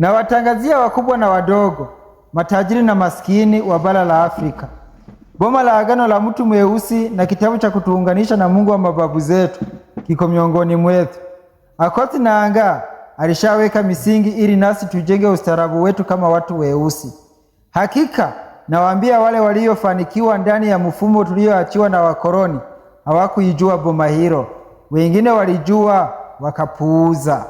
na watangazia wakubwa na wadogo, matajiri na maskini wa bara la Afrika, boma la agano la mtu mweusi na kitabu cha kutuunganisha na Mungu wa mababu zetu kiko miongoni mwetu. Akoti na anga alishaweka misingi ili nasi tujenge ustaarabu wetu kama watu weusi. Hakika nawaambia wale waliofanikiwa ndani ya mfumo tulioachiwa na wakoloni hawakuijua boma hilo, wengine walijua wakapuuza.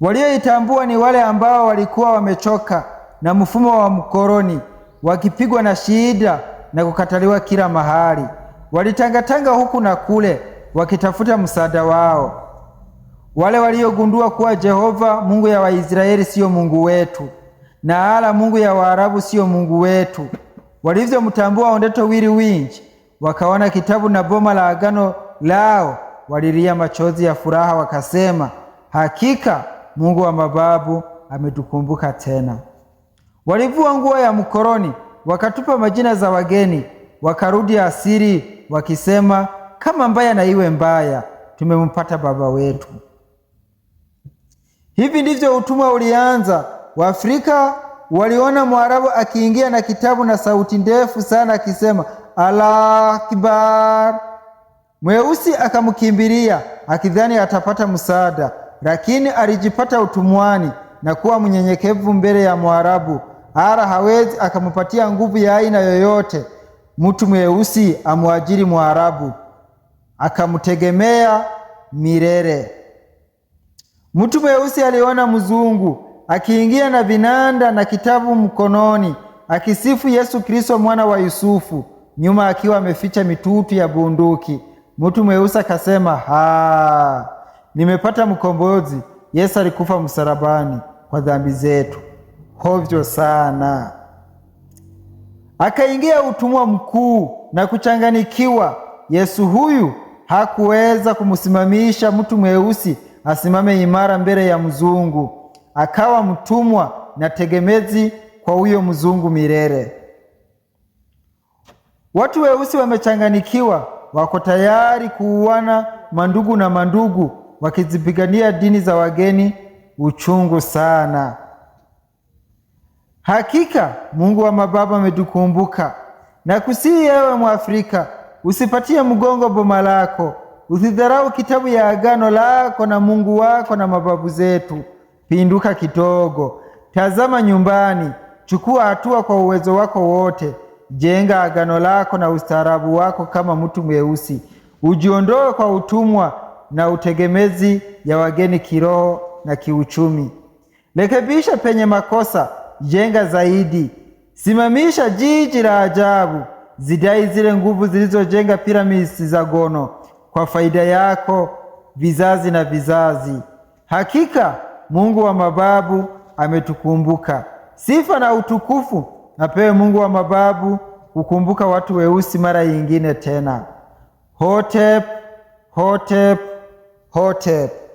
Walioitambua ni wale ambao walikuwa wamechoka na mfumo wa mkoloni, wakipigwa na shida na kukataliwa kila mahali. Walitangatanga huku na kule, wakitafuta msaada wao. Wale waliogundua kuwa Jehova Mungu ya Waisraeli siyo Mungu wetu na ala Mungu ya Waarabu siyo Mungu wetu. Walivyomtambua ondeto wili winji, wakaona kitabu na boma la agano lao, walilia machozi ya furaha, wakasema hakika Mungu wa mababu ametukumbuka tena. Walivua nguo ya mkoroni, wakatupa majina za wageni, wakarudi asiri wakisema, kama mbaya na iwe mbaya, tumempata baba wetu. Hivi ndivyo utumwa ulianza. Waafrika waliona Mwarabu akiingia na kitabu na sauti ndefu sana akisema Allahu Mweusi akamkimbilia akidhani atapata msaada, lakini alijipata utumwani na kuwa mnyenyekevu mbele ya Mwarabu. Ara hawezi akampatia nguvu ya aina yoyote mtu mweusi amwajiri Mwarabu akamtegemea milele. Mtu mweusi aliona mzungu akiingia na vinanda na kitabu mkononi akisifu Yesu Kristo mwana wa Yusufu, nyuma akiwa ameficha mitutu ya bunduki. Mtu mweusi akasema haa nimepata mkombozi. Yesu alikufa msalabani kwa dhambi zetu, hovyo sana. Akaingia utumwa mkuu na kuchanganikiwa. Yesu huyu hakuweza kumsimamisha mtu mweusi asimame imara mbele ya mzungu, akawa mtumwa na tegemezi kwa huyo mzungu milele. Watu weusi wamechanganikiwa, wako tayari kuuana mandugu na mandugu wakizipigania dini za wageni uchungu sana. Hakika Mungu wa mababa ametukumbuka na kusihi, yewe Mwafrika, usipatie mgongo boma lako, usidharau kitabu ya agano lako na Mungu wako na mababu zetu. Pinduka kidogo, tazama nyumbani, chukua hatua kwa uwezo wako wote, jenga agano lako na ustaarabu wako kama mtu mweusi, ujiondoe kwa utumwa na utegemezi ya wageni kiroho na kiuchumi. Rekebisha penye makosa, jenga zaidi. Simamisha jiji la ajabu, zidai zile nguvu zilizojenga piramidi za gono kwa faida yako, vizazi na vizazi. Hakika Mungu wa mababu ametukumbuka. Sifa na utukufu napewe Mungu wa mababu kukumbuka watu weusi mara yingine tena. Hotep, Hotep Hortep